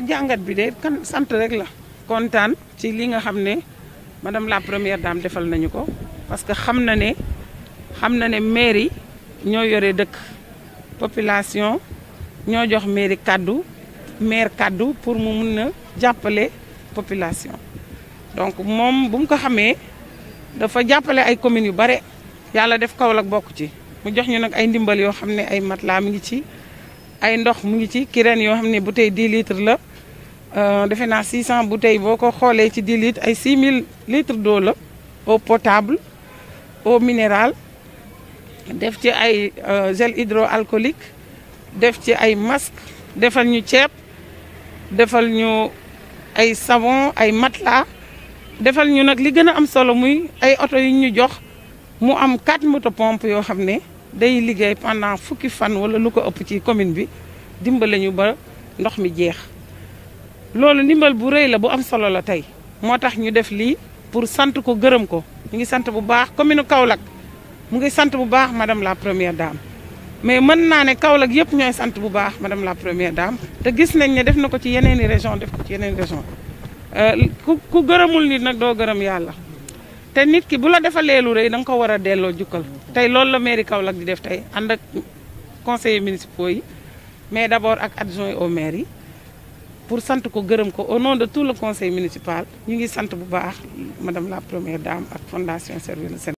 jàngat bi de kan sant rek la kontaan ci li nga xam ne madame la première dame defal nañu ko parce que xam na ne xam na ne maire yi ñoo yore dëkk population ñoo jox maire kàddu maire kàddu pour mu mun a jàppale population donc moom bu mu ko xamee dafa jàppale ay communes yu bare yàlla def Kaolack bokk ci mu jox ñu nag ay ndimbal yoo xam ne ay laa mu ngi ci ay ndox mu ngi ci kireen yoo xam ne bu tey 10 litres la Euh, defe naa 600 bouteilles boko xolé ci 10 litres ay 6000 litres d'eau la eau potable eau minérale def ci ay euh, gel hydroalcoolique def ci ay masque defal ñu ceeb defal ñu ay savon ay matelas defal ñu nak li gëna am solo muy ay auto yi ñu jox mu am 4 moto pompe yoo xam day liggéey pendant fukki fan wala lu ko ëpp ci commune bi dimbalé ñu ba ndox mi jeex loolu ndimbal bu rëy la bu am solo la tey moo tax ñu def lii pour sant ko gërëm ko mu ngi sant bu baax commune Kaolack mu ngi sant bu baax madame la première dame mais mën naa ne Kaolack yëpp ñooy sant bu baax madame la première dame te gis nañ ne def na ko ci yeneeni région def ko ci yeneen région euh, ku ku gërëmul nit nag doo gërëm yàlla te nit ki bu la defalee lu rëy da nga ko war a delloo jukkal tey loolu la mairie Kaolack di def tey ànd ak conseillers municipaux yi mais d'abord ak adjoint au maire yi pour sant ko au nom de tout le conseil municipal ñu ngi sant bu baax madame la première dame ak fondation Service. le